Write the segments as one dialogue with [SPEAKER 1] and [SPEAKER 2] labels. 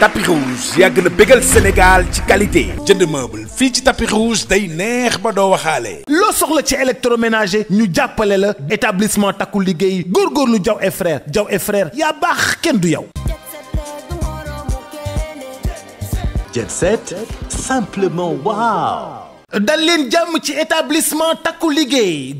[SPEAKER 1] tapis rouge yàgg na bégal Sénégal ci qualité jënd meuble fii ci tapis rouge day neex ba doo waxaale. loo soxla ci électroménager ñu jàppale la établissement takku liggéey góorgóorlu Diaw et frère Diaw et frère yaa baax kenn du yow. dans leen jàmm ci établissement takku liggéey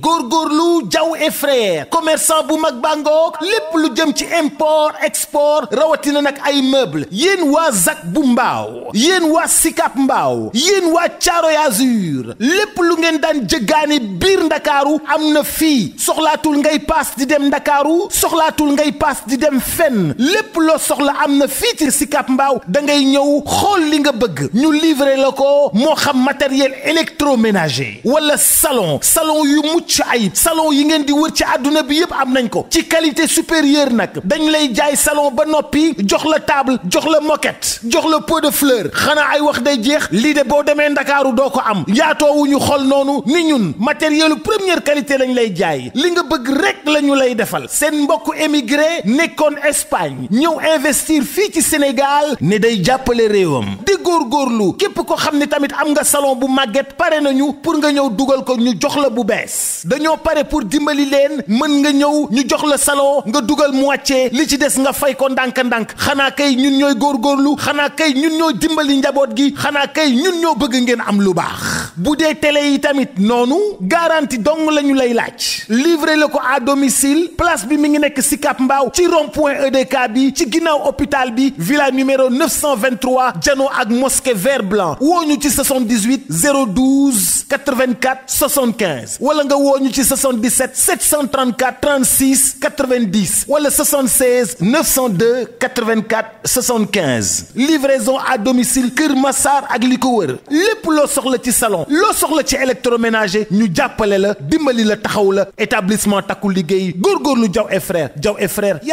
[SPEAKER 1] jaw et frère commerçant bu mag bàngoog lépp lu ci import export rawatina nag ay meuble yéen waa Zac bu mbaaw yéen waa Sicap mbaaw yéen waa Thiaroye Azur lépp lu ngeen daan jëggaani biir ndakaaru am na fii soxlaatul ngay paas di dem ndakaaru soxlaatul ngay paas di dem fenn lépp loo soxla am na fii ci Sicap mbaaw da ngay ñëw xool li nga bëgg ñu livrer la ko xam matériel électroménager wala salon salon yu mucc ay salon yi ngeen di wër ci àdduna bi yëpp am nañ ko ci qualité supérieure nag dañ lay jaay salon ba noppi jox la table jox la moquette jox la pot de fleur xanaa ay wax day jeex lii de boo demee ndakaaru doo ko am yaatoowuñu xol noonu ni ñun matériel première qualité lañ lay jaay li nga bëgg rek la ñu lay defal seen mbokk émigré nekkoon Espagne ñëw investir fii ci Sénégal ne day jàppale réewam di góorgóorlu képp ko xam tamit am nga bu màgget pare nañu pour nga ñëw dugal ko ñu jox la bu bees dañoo pare pour dimbali leen mën nga ñëw ñu jox la saloo nga dugal moitié li ci des nga fay ko ndànk-ndànk xanaa kay ñun ñooy góor góorgóorlu xanaa kay ñun ñoo dimbali njaboot gi xanaa kay ñun ñoo bëgg ngeen am lu baax bu dee tele yi tamit noonu garantie dong la ñu lay laaj livré la ko à domicile place bi mi ngi nekk Sicap Mbao ci rond point EDK bi ci ginnaaw hôpital bi villa numéro 923 jano ak mosquée vert blanc woo ñu ci 78 02 12 84 75 wala nga 77 734 36 90 wala 76 902 84 75 livraison à domicile Kër Massar Le poulot sur le petit salon soxla ci salon petit soxla ci électroménager ñu la dimbali la taxaw établissement Takuligei liggéey Diaw et frère jaw et frère du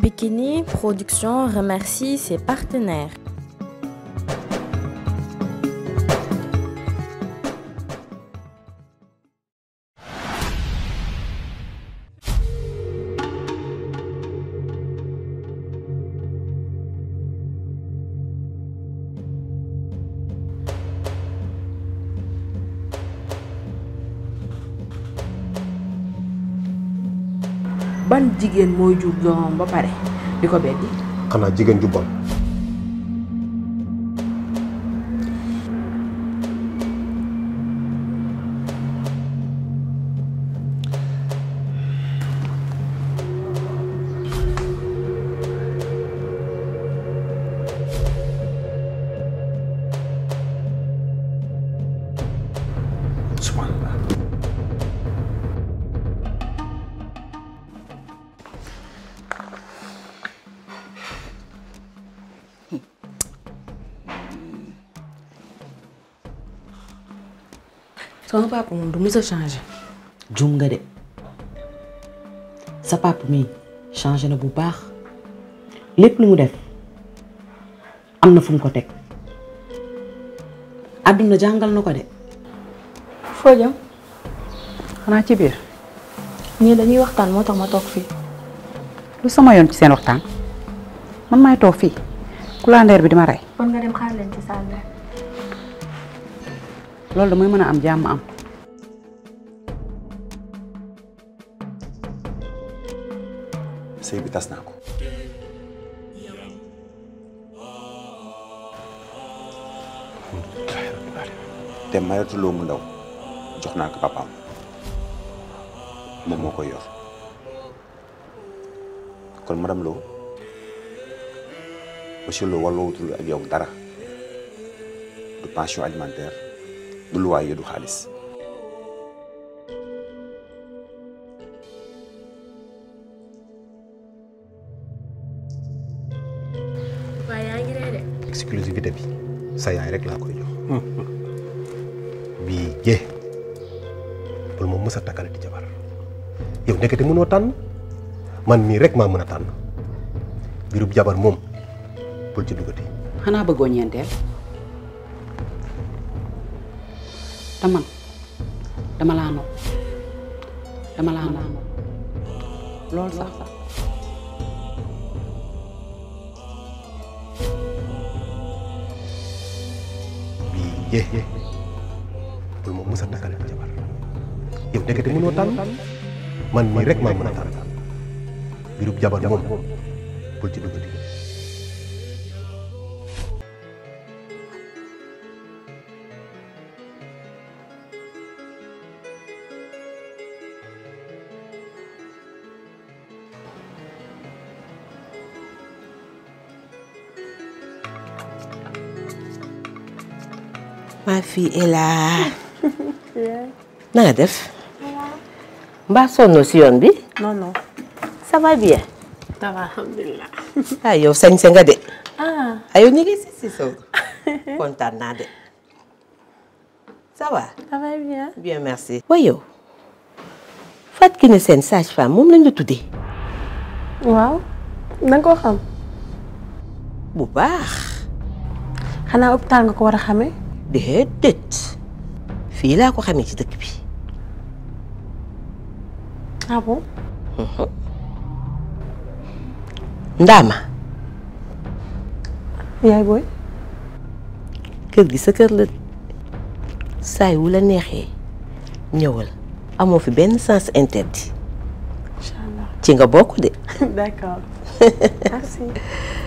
[SPEAKER 2] Bikini Production remercie ses partenaires.
[SPEAKER 3] ban jigéen mooy jur doomam ba pare di ko beddi
[SPEAKER 4] xanaa jigéen ju bon
[SPEAKER 5] pas pour moi, nous changer.
[SPEAKER 6] Djunga de.
[SPEAKER 3] Sa papa mi changer na bu baax. Lepp lu mu def
[SPEAKER 6] amna fu ko tek.
[SPEAKER 5] Aduna jangal nako de. Fo jam? Xana ci bir. Ñi dañuy waxtaan
[SPEAKER 6] motax ma tok fi. Lu sama yon ci seen waxtaan? Man may tok fi. Kulandeer bi dima ray.
[SPEAKER 2] Kon nga dem xaar leen ci salle.
[SPEAKER 6] am jam am.
[SPEAKER 4] sai bi tas naku te hmm. mayatuloo mu ndaw jox naa ko papa, moom moo koy yor kon madame Lo monsieur Lo walloowutul ak yow dara du pension alimentaire du luwaay du xaalis exclusivité bi sa yaay rek la koy jox. Hmm. bi jé pour mo mës takal di jabar yow nekkati mëno tan man mi rek ma mëna tan birub jabar mom pour ci dugati
[SPEAKER 6] xana bëggo ñentel te man dama la no dama no lol sax sax.
[SPEAKER 4] yéen bul ma mës a takkale jabar yow ndekete mënoo tànn man mii rek maa mën a tànn mbirum jabar moom bul ci dugg
[SPEAKER 3] maa fii Ela na nga def mbaa sonno si yoon bi
[SPEAKER 5] non
[SPEAKER 7] non ça va bien ça va alhamdulilah
[SPEAKER 3] ah yow sañse nga de ah, ah yow ñu ngi si si sow kontaan naa de ça va
[SPEAKER 5] ça va bien bien
[SPEAKER 3] merci waaye yow Fatou Kiné Sène sage-femme moom lañ la tuddee
[SPEAKER 5] waaw na nga ko xam
[SPEAKER 3] bu baax
[SPEAKER 5] xanaa hôpital nga ko war a
[SPEAKER 3] déedéet fii laa ko xamee ci dëkk bi. ah uh-huh. Ndaama. kër gi sa kër la saay wu la ñëwal amu fi benn sens interdit. ci nga bokk de.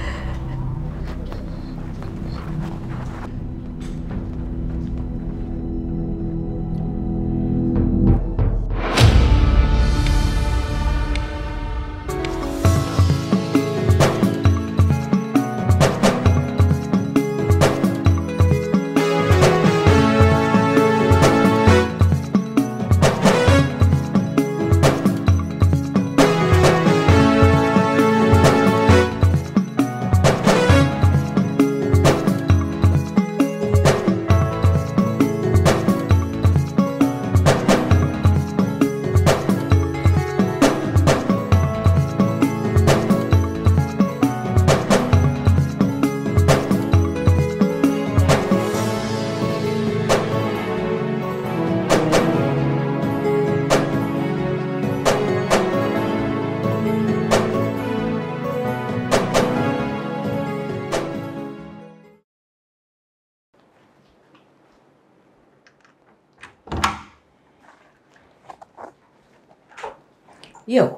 [SPEAKER 3] yow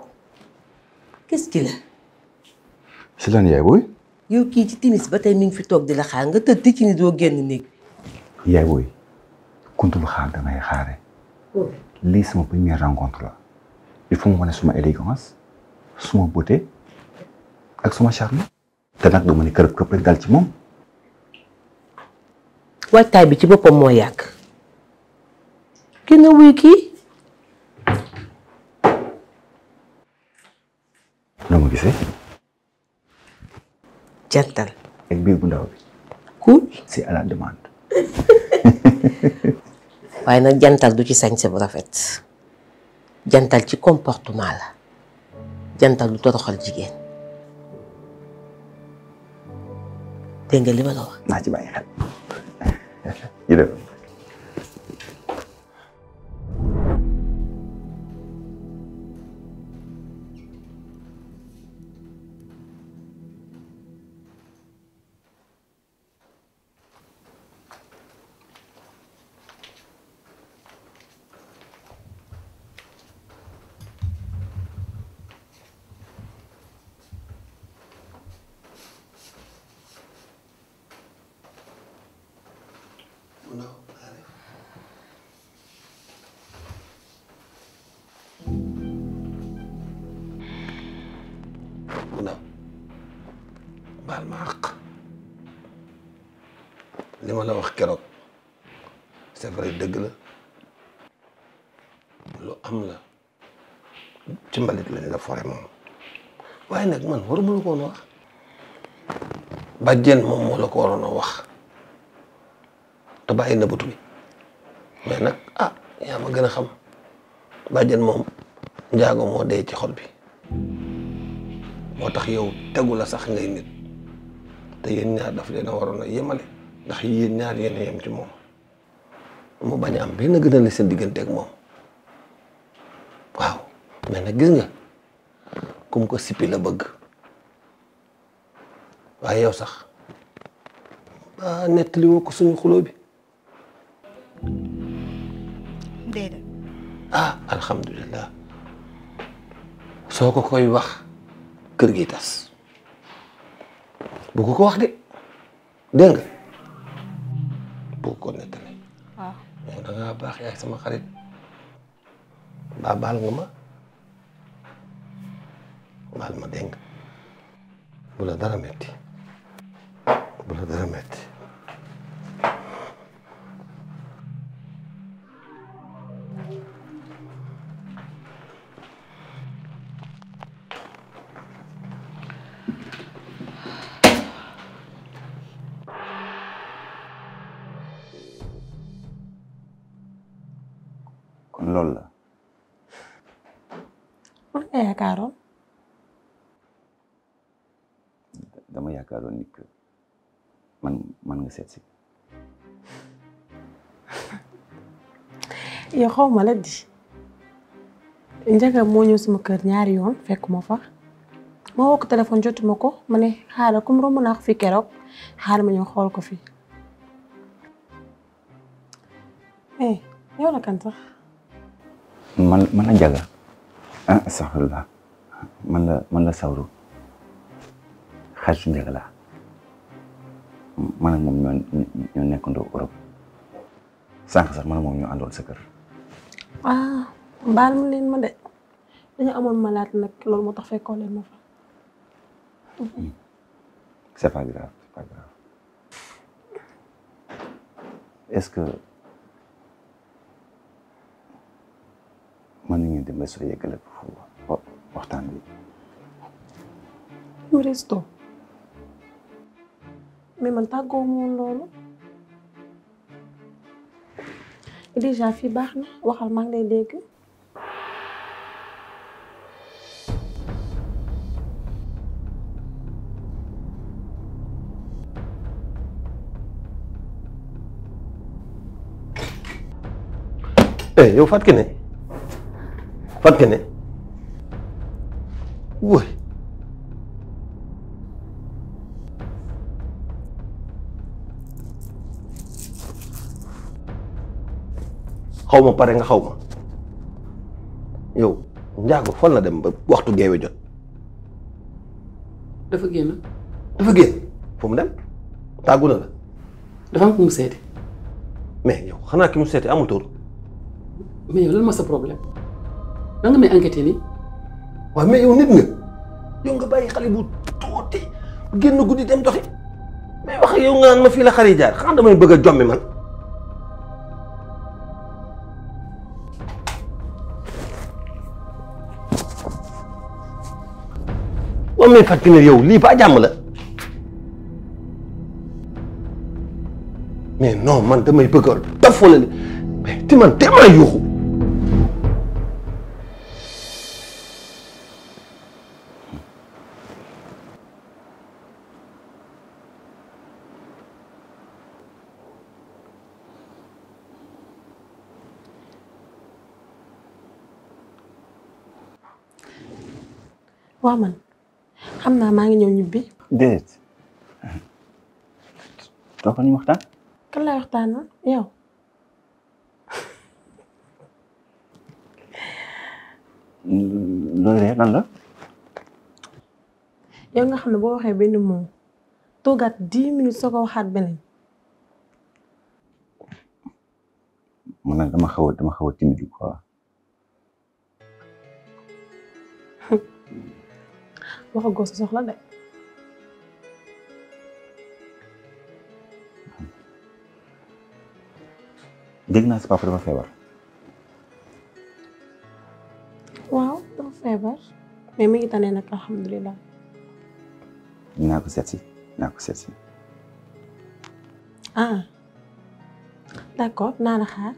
[SPEAKER 3] qu'est-ce qui la.
[SPEAKER 4] si lan yaay booy.
[SPEAKER 3] yow kii ci tinis ba tey mi ngi fi toog di la xaar nga tëdd ci ni doo génn néeg.
[SPEAKER 4] yaay booy kuntul xaar damay xaare oh. lii sama première rencontre la il faut mu wane suma élégance suma beauté ak suma charme. te nag dama ne ci moom.
[SPEAKER 3] waajtaay bi ci boppam moo yàgg. kenn wuy
[SPEAKER 4] jantal. ak biir à la demande.
[SPEAKER 3] waaye nag jantal du ci sañse bu rafet jantal ci comportement la jantal du toroxal jigéen dégg nga li la naa ci bàyyi
[SPEAKER 4] xel. المعق لما لو خكرت سفر الدقلة لو أملا تمالك لنا فوري مام وينك من هرم لكونا بجين مام لكونا وخ تبعي نبوتوي وينك آه يا ما جينا خم بجين مام جاغو مو ديتي خلبي motax yow tegula sax ngay nit te yéen a daf leen a waroon a yemale ndax yéen ñaar yéen a yem ci moom mu bañ am benn gën a la seen diggante moom waaw mais nag gis nga kum ko sippi la bëgg waaye yow sax ba nettali woo ko suñu xuloo bi déedéet ah soo ko koy wax kër gi tas bu ko wax de dégg nga bu ko ko nettali. waaw ah. yow da sama xarit mbaa baal nga ma baal ma dégg nga bu la dara metti bula la dara metti سياسي
[SPEAKER 5] يا خو مالدي انجاك مونيو سمكر نياريون فيك موفا ما هو التليفون جوت مكو ماني حالكم رومو ناخ في كيروك حال مانيو خول كوفي ايه يا ولا كانت صح
[SPEAKER 4] من من جاغا اه صح الله من من لا ساورو خاش نجاغا mana ak moom ñoo ñoo nekkandoo Europe sànq sax man seker ñoo sa kër.
[SPEAKER 5] ah bal ma leen ma de dañu amoon malade nag loolu moo tax fekkoo leen ma fa.
[SPEAKER 4] c'est pas grave c'est pas grave est-ce que
[SPEAKER 5] mais man tàggoo moom loolu déjà fi baax waxal ma ngi lay dégg.
[SPEAKER 4] eh yow Fatou Kiné Fatou Kiné woy xaw ma pare nga xaw ma yow njaago fan la dem ba waxtu geewe jot. dafa génn. dafa génn fu mu dem tàggu na la. dafa am ku mu seeti. mais yow xanaa ki mu seeti amul tur. mais yow lan ma sa problème nan nga may enquêté nii. waaw mais yow nit nga yow nga bàyyi xale bu tuuti génn guddi dem doxi mais wax yow nga naan ma fii la xale yi jaar xanaa damay bëgg a jommi man. am nañ fàttali ne yow lii ba jàmm la mais non man damay bëgg a daf wala mais te man tellement yuuxu
[SPEAKER 5] waaw man xam naa maa ngi ñëw ñibbi.
[SPEAKER 4] déedéet toog nañu waxtaan.
[SPEAKER 5] kan lay waxtaanal yow. loolu rek lan la. yow nga xam ne boo waxee benn moom toogaat dix minutes soo ko waxaat beneen.
[SPEAKER 4] man nag dama xaw a dama xaw a timide
[SPEAKER 5] waxagoo sa soxla de.
[SPEAKER 4] dégg naa sa papa dafa feebar.
[SPEAKER 5] waaw dafa feebar mais mi ngi tane nag alhamdulilah.
[SPEAKER 4] dinaa ko seet si dinaa ko seet si.
[SPEAKER 5] ah d' naa la xaar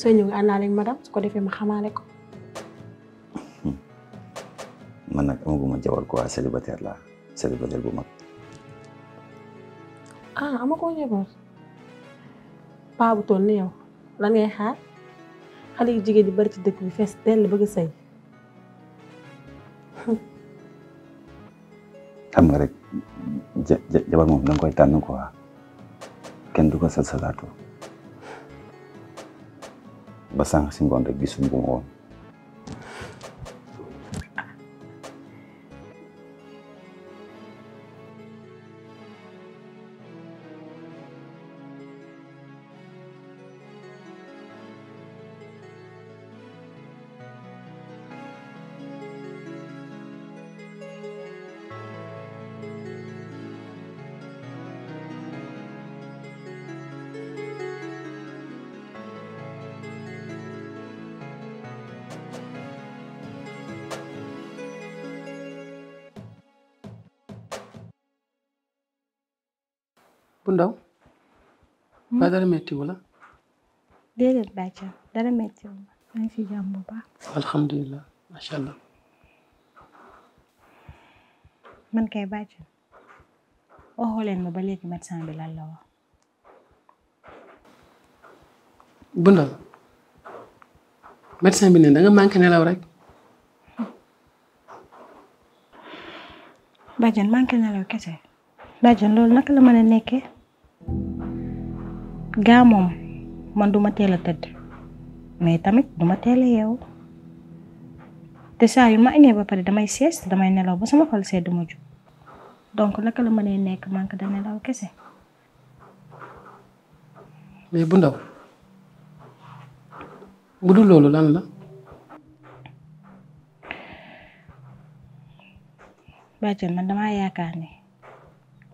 [SPEAKER 5] soo ñëwee àndaale ak madame su ko defee ma xamaale ko.
[SPEAKER 4] ಮಜ್ಜವರ್ಗೂ ಆ ಸೆಲಿಬತೆ ಅಲ್ಲ ಸೆಲಿಬದಲ್ಗೂ ಮಕ್
[SPEAKER 5] saya ಅಮ್ಮ ಕೋಣೆ ಬರ್ Ah, bu toll ni yow lan ngay xaar xale yu jigéen ñi bari ci dëkk bi fees dell bëgg saya
[SPEAKER 4] xam nga rek jabar moom danga koy tànn quoi kenn ko sal salaatu kau ah. sànq si rek
[SPEAKER 5] bu ndaw ba dara méttiwu la
[SPEAKER 4] déedéet
[SPEAKER 2] bàcca dara méttiwu ma maa ngi si jàmm bu baax
[SPEAKER 4] alhamdulilah macha allah
[SPEAKER 2] man kay bàcca waxoo leen ma ba léegi médecin bi lan la wax
[SPEAKER 6] bu ndaw
[SPEAKER 5] médecin bi ne da nga manqué nelaw rek
[SPEAKER 2] bàjjan manqué nelaw kese bàjjan loolu naka la mën a nekkee ga moom man duma téla tedd mais tamit duma télé yow té te yu ma ñé ba paré damay sies damay nelaw ba sama xol sedd mu ju donc naka la mënee nekk ka dañé nelaw kessé
[SPEAKER 4] mais bu ndaw
[SPEAKER 5] bu dul lan la
[SPEAKER 2] bàjjan man dama yaakaar ni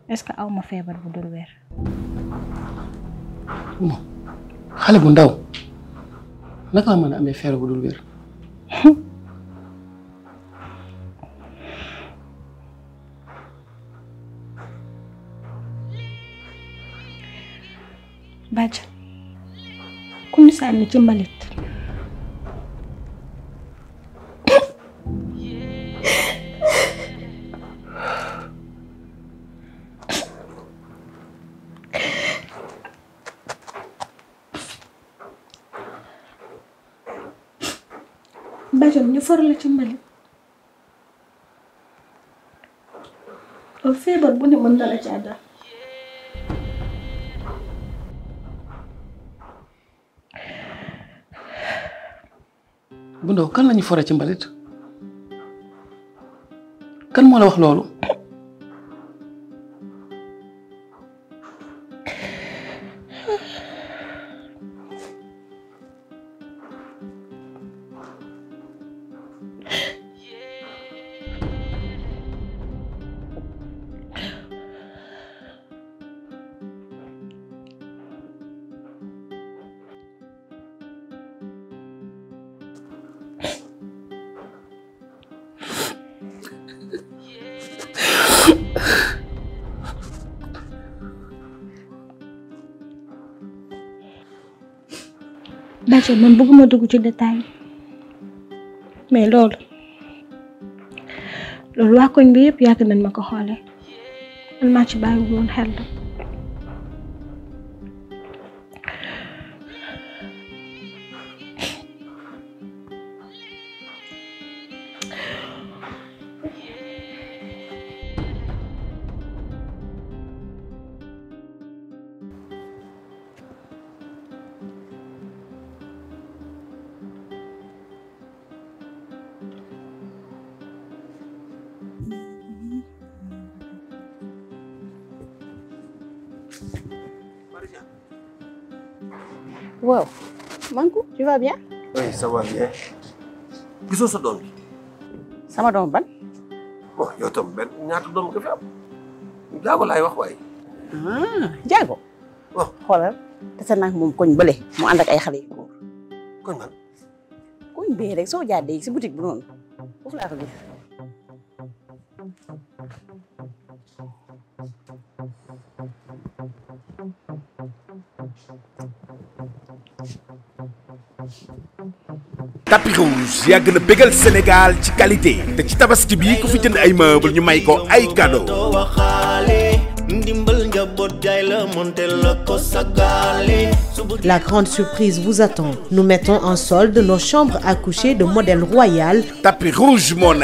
[SPEAKER 2] est ce que awma ma bu dul wér
[SPEAKER 4] moom xale bu ndaw naka la mën a amee feebar bu dul wér.
[SPEAKER 2] bàcc comme for la ci mbalit feebar bu ne mën la caa daal
[SPEAKER 4] bu kan lañu fore ci mbalit
[SPEAKER 6] kan moo la wax loolu
[SPEAKER 2] engagé man bëgguma dugg ci détail mais loolu loolu waa koñ bi yëpp yàgg nañ ma ko xoolee man maa ci bàyyi woon xel Wow, Manko tu vas bien.
[SPEAKER 4] oui ça va bien. gisoo sama doom ban. bon yow ya, tam benn ñaata doom nga fi am. jaago laay ya, wax quoi?
[SPEAKER 6] ah jaago. Oh, xoolal tase naa moom koñ bële mu ànd ak ay xale yu góor. koñ ban. koñ bee rek soo jaadee si boutique bi noonu foofu laa ko
[SPEAKER 1] tapis rouge yàgg na bégal Sénégal ci qualité te ci tabaski bi ku fi jënd ay meubles ñu may ko ay
[SPEAKER 7] La grande surprise vous attend. Nous mettons en solde nos chambres à coucher de modèle royal.
[SPEAKER 1] Tapis rouge mon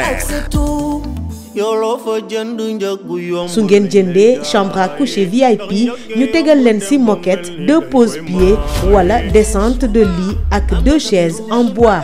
[SPEAKER 7] su ngeen chambre à coucher VIP Nous tegal leen ci moquette deux pose-pieds voilà, descente de lit avec deux chaises en bois.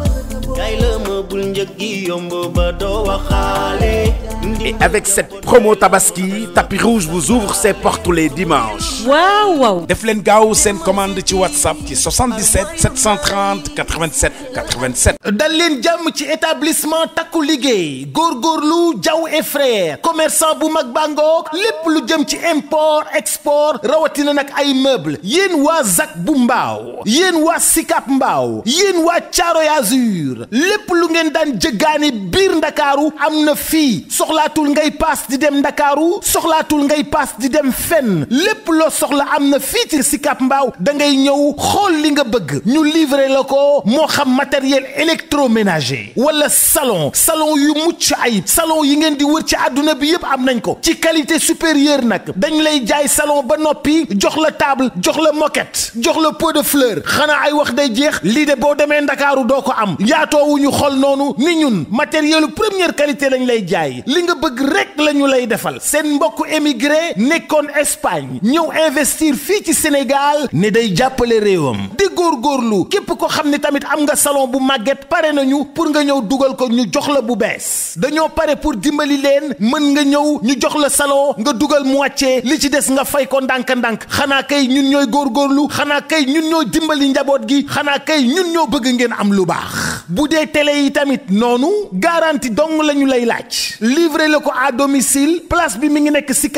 [SPEAKER 1] Et avec cette promo Tabaski, Tapirouge vous ouvre ses portes tous les dimanches. Waouh wow! Deflen vous gaaw commande sur WhatsApp est 77 730 87 87. Dans l'établissement ci établissement Takuligé Gorgorlou et frère commerçant bu Bango Lip lepp lu jëm import export rawatina nak ay meubles Zak wa Yenwa bu Yenwa wa Sikap Azur. lépp lu ngeen daan jëggaani biir ndakaaru am na fii soxlaatul ngay paas di dem ndakaaru soxlaatul ngay paas di dem fenn lépp loo soxla am na fii ci Sicap Mbao da ngay ñëw xool li nga bëgg ñu livre la ko moo xam matériel électroménager wala salon salon yu mucc ay salon yi ngeen di wër ci àdduna bi yëpp am nañ ko ci qualité supérieure nag dañ lay jaay salon ba noppi jox la table jox la moket jox la pot de fleur xanaa ay wax day jeex lii de boo demee ndakaaru doo ko am yaatoowuñu xol noonu ni ñun matériel première qualité lañ lay jaay li nga bëgg rek la ñu lay defal seen mbokk émigré nekkoon Espagne ñëw investir fii ci Sénégal ne day jàppale réewam di góor góorgóorlu képp ko xam ni tamit am nga salon bu màgget pare nañu pour nga ñëw dugal ko ñu jox la bu bees dañoo pare pour dimbali leen mën nga ñëw ñu jox la salon nga dugal moitié li ci des nga fay ko ndànk-ndànk xanaa kay ñun ñooy góorgóorlu xanaa kay ñun ñoo dimbali njaboot gi xanaa kay ñun ñoo bëgg ngeen am lu baax bu télé yi tamit garantie Donc le lay lacc livrer le à domicile place bi mi ngi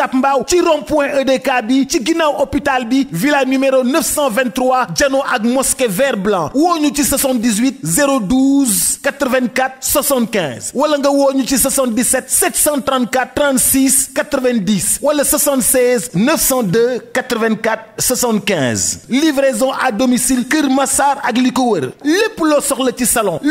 [SPEAKER 1] point EDK bi ci hôpital bi villa numéro 923 jano ak mosquée vert blanc ou ci 78 012 84 75 wala nga woñu 77 734 36 90 wala 76 902 84 75 livraison à domicile Kirmassar Massar ak plus sur le petit soxla salon.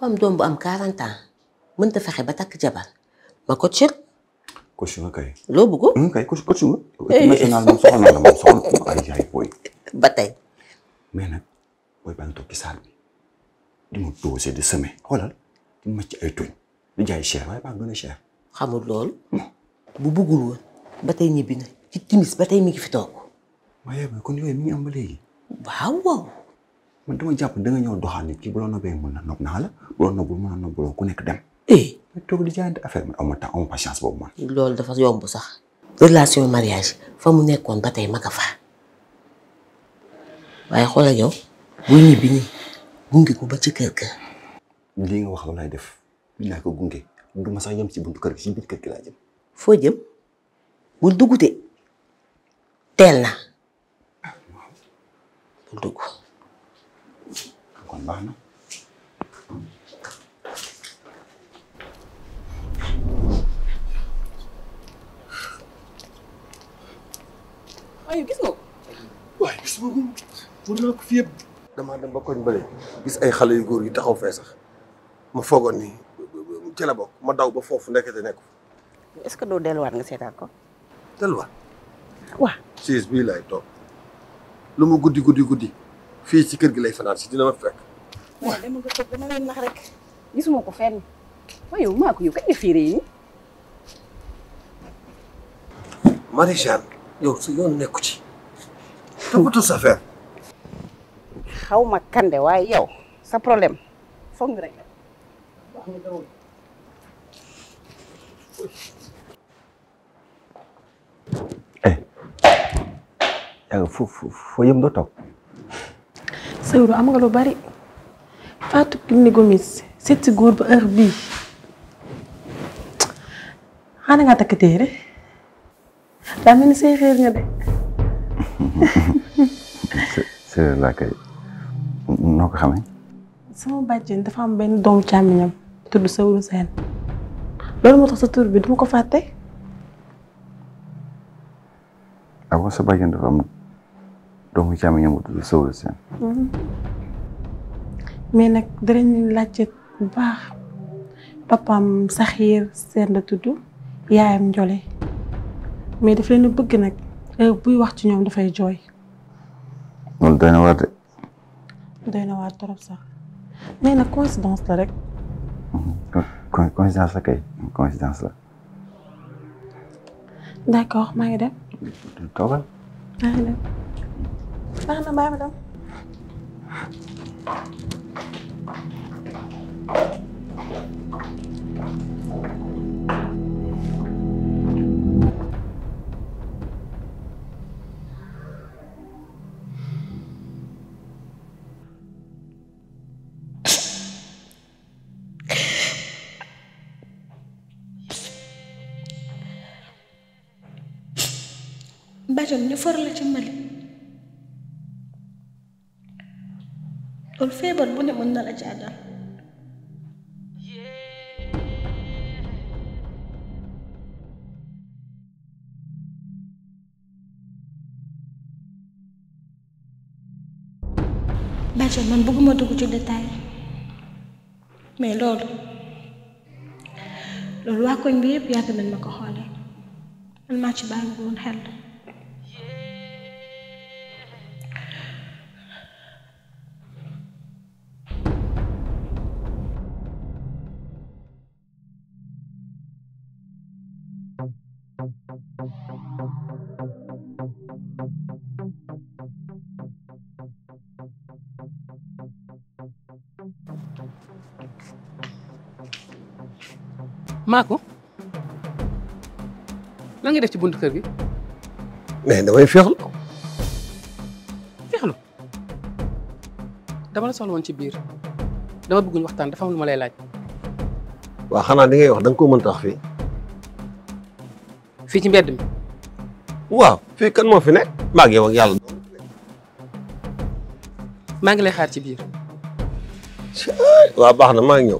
[SPEAKER 3] ku am doom bu am 40 ans mënta fexe ba takk jabar
[SPEAKER 4] ma ko cër. coach nga kay. loo bëgg. kay coach coach nga. national moom soxal na la moom jaay booy. ba tey. mais nag booy baa ngi toog ci saal bi di ma doser di semer xoolal di màcc ay tuñ di jaay cher waaye baa nga a cher.
[SPEAKER 3] xamul loolu. Hmm. bu bëggul ba tey ñibbi na ci timis ba tey mi ngi fi toog.
[SPEAKER 4] waaye kon yooyu mi ngi am ba léegi. waaw waaw. man dama jàpp da nga ñëw doxal nit ki bu la nobee mën na nob naa la bu la nobul mën na nob ku nekk dem. eh toog di jaayante affaire
[SPEAKER 3] man aw ma temps aw patience boobu man. loolu dafa yomb sax. relation mariage fa mu nekkoon ba tey
[SPEAKER 4] ma ka gunge ko ba ci kër ga. lii def dinaa ko gunge du sax yem si buntu kër gi ci biir kër gi laa jëm. foo jëm bul dugute
[SPEAKER 3] teel
[SPEAKER 7] na ah, bul dugg. kon baax
[SPEAKER 4] na.
[SPEAKER 1] waaye gis nga waaye gis nga ko war naa ko fi yëpp.
[SPEAKER 4] damaa dem ba koñ bële gis ay xale yu góor yi taxaw fee sax ma foogoon ni ci bokk ma daw ba foofu ndekete nekk.
[SPEAKER 6] est-ce que doo delluwaat nga seetaan ko.
[SPEAKER 4] delluwaat. waaw siis bii laay toog lu mu guddi guddi guddi fii ci kër gi lay fanaan si dina ma fekk.
[SPEAKER 6] waaw dama ko toog waaye yow maa ko kañ nga fiiree nii.
[SPEAKER 4] Marie Jeanne yow su yoon nekku ci. toppatoo sa affaire.
[SPEAKER 6] xaw ma kande waaye yow sa problème foog
[SPEAKER 4] eh, ngi fo fo foo yëm doo toog.
[SPEAKER 5] sëwru am nga lu bari Fatou Kiné Gomis seet si góor ba heure bii nga takk téere daa mel ni xeer nga de
[SPEAKER 4] séeréer laa koy noo ko xamee
[SPEAKER 5] sama bàjjen dafa am benn doomu càmmiñam tudd sëwru seen loolu moo tax sa tur bi duma ko fàtte
[SPEAKER 4] ah, awa sa bàjjen dafa am donc càmm ñoom bu tudd seen.
[SPEAKER 5] Mm-hmm. mais nag danañ laajte bu baax papaam Saxiir seen la tudd yaayam Njole mais daf leen bëgg nag buy wax ci ñoom dafay jooy.
[SPEAKER 4] loolu doy na waar de.
[SPEAKER 5] doy na waar trop sax mais nag coïncidence la rek.
[SPEAKER 4] Mm-hmm. coïncidence la kay coïncidence la.
[SPEAKER 5] d'accord maa ngi dem.
[SPEAKER 4] maa
[SPEAKER 5] ngi dem. فاهمه بعمل اهو
[SPEAKER 2] بجم نفر لجمل kon feebar bu ne mën na man bëgguma dugg ci détail mais loolu loolu waa koñ bi yëpp yàgg nañ ma ko xoolee man maa ci bàyyi woon xel
[SPEAKER 5] maa ko lan def ci buntu kër gi.
[SPEAKER 4] mais damay fexlu. fexlu dama la soxla woon ci biir dama bëgguñ waxtaan dafa am lu ma lay laaj. waaw xanaa li ngay wax da nga ko mën tax fii. ci mbedd mi. waaw fii kan moo fi nekk. maa ngi yow ak yàlla.
[SPEAKER 5] maa ngi lay xaar ci biir.
[SPEAKER 4] waa baax na maa ngi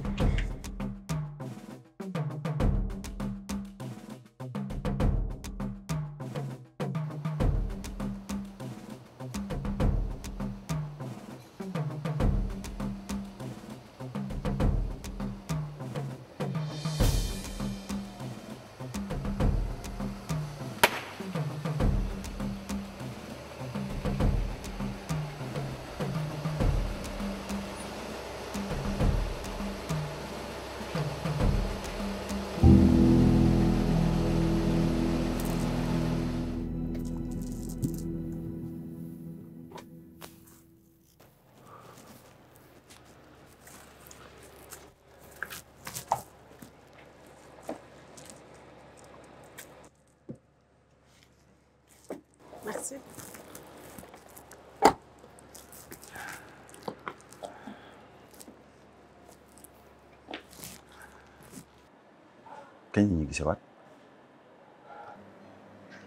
[SPEAKER 4] kañ la ñuy gisewaat.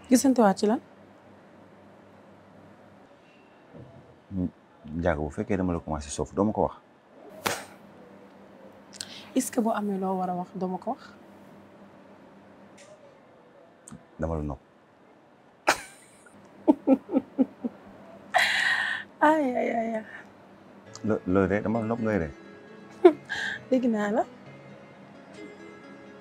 [SPEAKER 5] gisantewaat ci lan.
[SPEAKER 4] Ndiago bu fekkee dama la commencé soof doo ko wax.
[SPEAKER 5] est-ce que boo amee loo war a wax doo ko wax. dama la nopp. ay ay ay.
[SPEAKER 4] lo dama la nopp ngay ree. dégg la.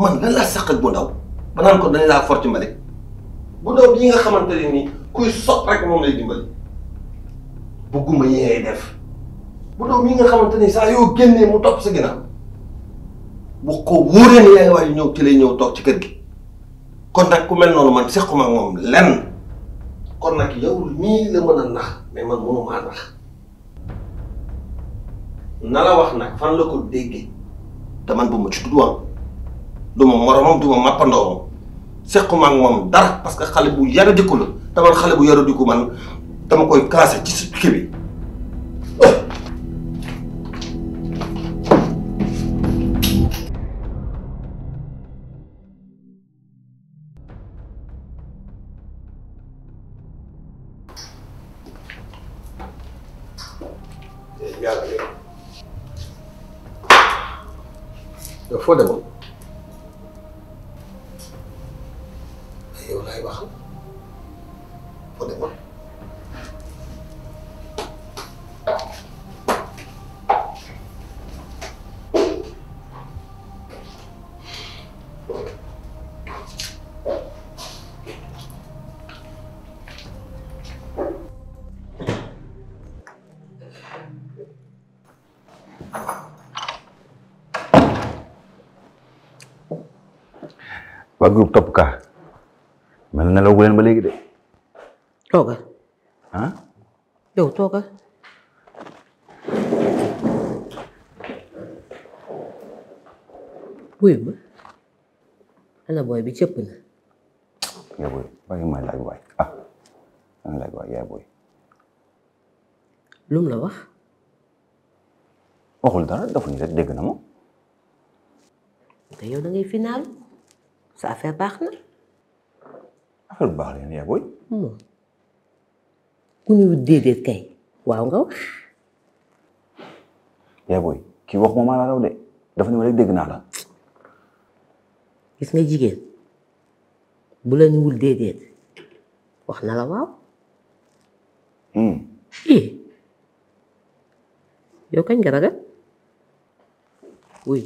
[SPEAKER 4] man lan laa sàq ak bu ndaw ba naan ko dañ laa forti Malick nga xamante ne nii kuy sot rek moom lay dimbali def bu ndaw nga xamante ni saa yoo mu topp sa ginnaaw ko wóoree ñëw ci lay ñëw toog ci kër gi kon nag ku mel noonu man kon nag yow nii la mën a nax na la wax nag fan la ko déggee te man bu ma ci tudd du ma moromam du ma màppandoomam sequma ak moom dara parce que xale bu yaradiku la te man xale bu yaradiku man dama koy classé ci kii bi. ಬಗ್ಗೆ ತಪ್ಪಕ ಮೆಲ್ಲನೆಲ್ಲ ಹೋಗ್ಲೇನು ಬಲಿಗಿದೆ
[SPEAKER 3] ಹೋಗ ಹಾಂ ಇವತ್ತು ಹೋಗ Wim. Anh là boy bị chụp nè.
[SPEAKER 4] Dạ boy, bao nhiêu mày lại boy? À, anh lại boy, dạ boy. Lum là bao? Oh, hồi đó đâu phải là đẹp nữa mà.
[SPEAKER 3] Thấy yêu đang cái final. sa affaire baax na.
[SPEAKER 4] affaire bu baax la yaa ku
[SPEAKER 3] ñu déedéet kay waaw nga wax.
[SPEAKER 4] yaa kii wax moom laa raw de dafa ne ma rek dégg naa la.
[SPEAKER 3] gis nga jigéen bu la ñuwul déedéet wax na la waaw. Hmm. eh kañ nga ragal. wuy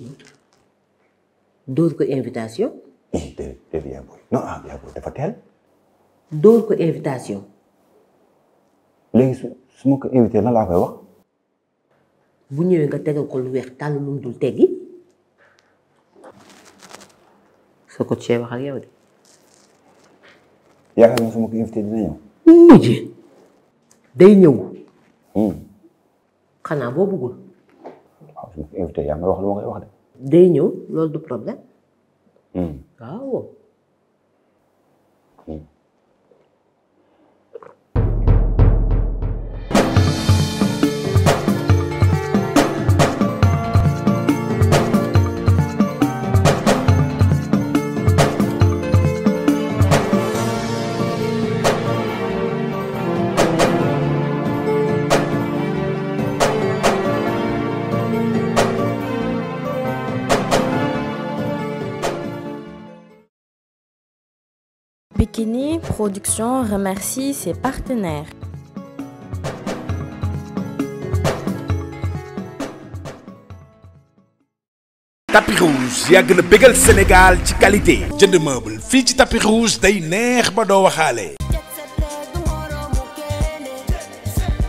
[SPEAKER 3] ko invitation.
[SPEAKER 4] det, não vil jeg bo i. Nå
[SPEAKER 3] har jeg boet. Fortell. Dol ko invitation.
[SPEAKER 4] léegi su su ma ko invité lan laa koy wax.
[SPEAKER 3] bu ñëwee nga tegal ko lu weex tàll lu mu dul de. yaakaar naa su ma ko invité dina ñëw. mujj ma wax lu ma wax de. day ñëw loolu du problème. Tá,
[SPEAKER 2] Kini Production remercie ses partenaires.
[SPEAKER 1] tapis rouge yàgg le bégal Sénégal de qualité jënd meubles, fii ci tapis rouge day neex ba doo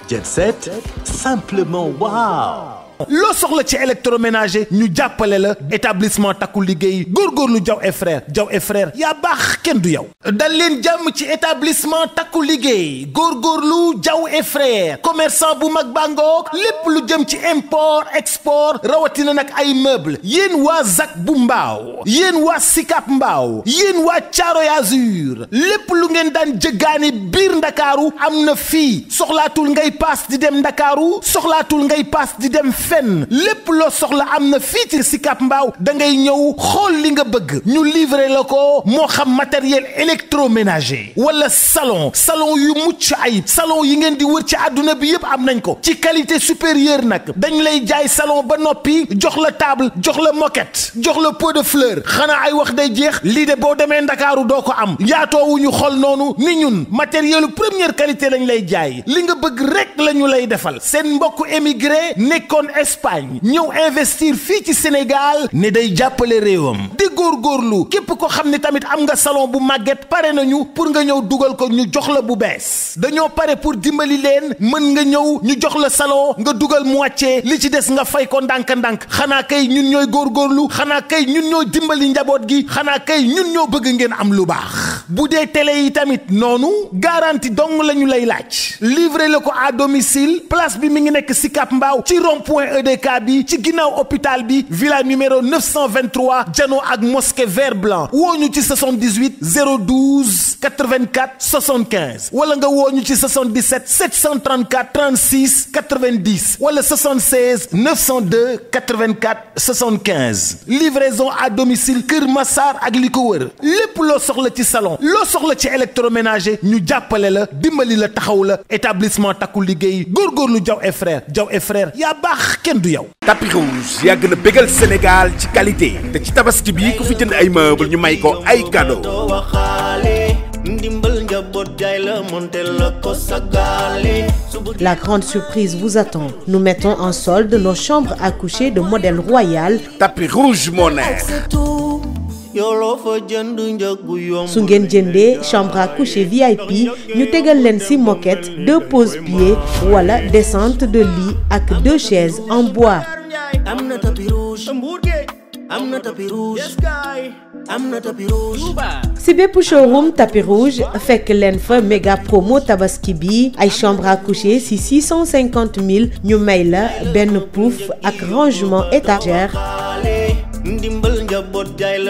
[SPEAKER 1] Jet set simplement waouh. loo soxla ci électroménager ñu jàppale la établissement takku liggéey góor góor lu frère Diaw et frère yaa baax kenn du yow. dal leen jàmm ci établissement takku liggéey góor lu et frère commerçant bu mag bàngoog lépp lu jëm ci import export rawatina nag ay meubles yéen waa ZAC bu mbaaw yéen waa Sicap mbaaw yéen waa Thiaroye Azur lépp lu ngeen daan jëggaani biir ndakaaru am na fii soxlaatul ngay paas di dem ndakaaru soxlaatul ngay paas di dem. fenn lépp loo soxla am na fii ci mbaaw dangay ñëw xool li nga bëgg ñu livre la ko moo xam matériel électroménager wala salon salon yu mucc ay salon yi ngeen di wër ci àdduna bi yëpp am nañ ko ci qualité supérieure nag dañ lay jaay salon ba noppi jox la table jox la moket jox la pot de fleur xanaa ay wax day jeex lii de boo demee ndakaaru doo ko am yaatoowuñu xool noonu ni ñun matériel première qualité lañ lay jaay li nga bëgg rek la lay defal seen mbokku émigré nekkoon Espagne ñëw investir fii ci Sénégal ne day jàppale réewam di góor góorgóorlu képp ko xam ne tamit am nga salon bu màgget pare nañu pour nga ñëw dugal ko ñu jox la bu bees dañoo pare pour dimbali leen mën nga ñëw ñu jox la salon nga dugal mu wàccee li ci des nga fay ko ndànk-ndànk xanaa kay ñun ñooy góor góorgóorlu xanaa kay ñun ñooy dimbali njaboot gi xanaa kay ñun ñoo bëgg ngeen am lu baax bu dee tele yi tamit noonu garantie dong la ñu lay laaj livré la ko à domicile place bi mi ngi nekk Sicap point EDK bi hôpital villa numéro 923 Djano ak mosquée vert blanc ou on ci 78 012 84 75 wala nga 77 734 36 90 wala 76 902 84 75 livraison à domicile Kër Massar ak Liko sur le petit salon lo soxla ci électroménager ñu jàppale la dimbali la taxaw établissement takku gor frère Diaw et frère. Diaw et frère ndax kenn du yow. tapis rouge yàgg na bégal Sénégal ci qualité te ci tabaski bi ku fi jënd ay meubles ñu may ko ay cadeau.
[SPEAKER 7] La grande surprise vous attend. Nous mettons en solde nos chambres à coucher de modèle royal.
[SPEAKER 1] Tapis rouge, mon air
[SPEAKER 7] su ngeen jende, chambre à coucher VIP ñu tegal leen ci moquette deux poses pieds wala descente de lit avec deux chaises en bois. Amna na tapis rouge am tapis rouge am que tapis showroom tapis rouge leen méga promo tabaski bi ay chambre à coucher si 650 000 nous may la ben pouf avec rangement étagère.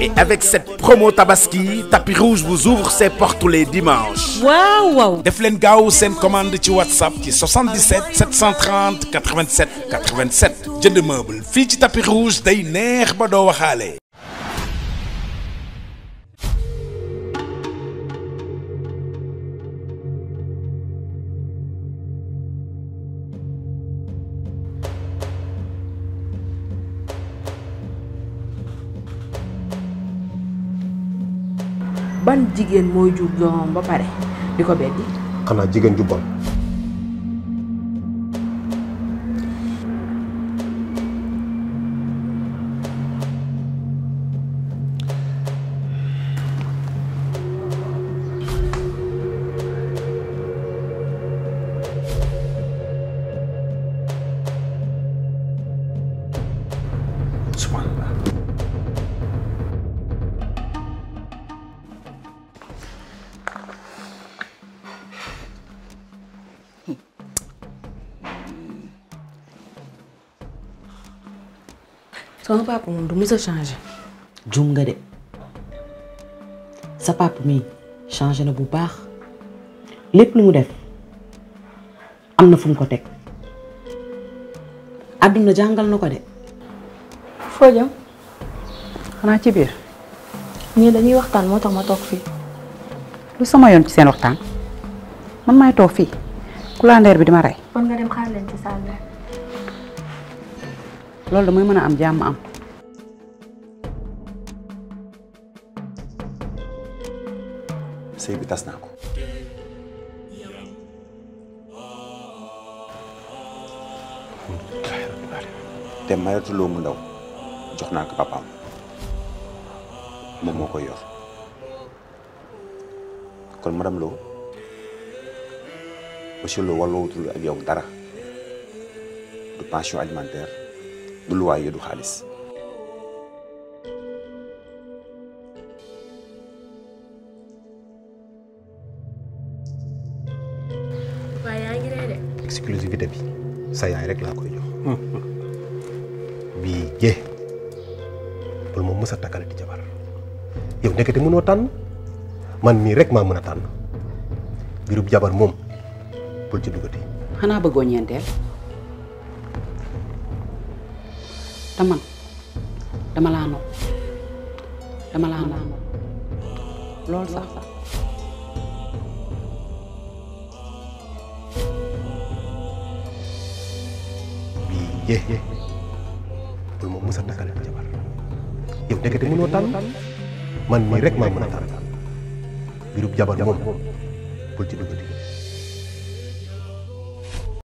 [SPEAKER 1] Et avec cette promo Tabaski, Tapis Rouge vous ouvre ses portes tous les dimanches. Waouh wow. Def c'est une commande sur WhatsApp est 77 730 87 87 Je de meubles. ci Tapis Rouge day neex
[SPEAKER 3] ban jigéen mooy jubloo doomam ba pare
[SPEAKER 4] di ko beddi xanaa jigéen ju bon
[SPEAKER 5] papa mun du sa changer
[SPEAKER 3] jum nga de sa papa mi changé na bu baax lepp lu mu def amna na fu ko tek
[SPEAKER 5] aduna jangal nako ko de foo ci bir ñii dañuy waxtan motax ma tok fi
[SPEAKER 6] lu sama yon ci sen waxtan man tok fi kula ndeer bi dima ray
[SPEAKER 2] kon nga dem xaar len ci salle
[SPEAKER 6] lolu damay meuna am jamm am
[SPEAKER 1] sai e bi tas naku
[SPEAKER 4] te mayatuloo mu ndaw jox naa ko papaam moom moo koy yor kon madame Lo monsieur Lo wàlluwutul ak yow dara du pension alimentaire du loyer du xaalis exclusivité bi
[SPEAKER 1] sa yaay rek la koy
[SPEAKER 4] jox. bi ge bul mo mës takal di jabar yow nekkati mëno tan man mi rek ma mëna tan birub jabar mom bul ci dugati
[SPEAKER 6] xana bëggo ñeenteel te man dama la no dama la no lol sax sax.
[SPEAKER 4] yee bul ma mës a takkal jabar yow ndekete mënoo tànn man nii rek maa mën a tànn mbirum jabar moom bul ci dugg di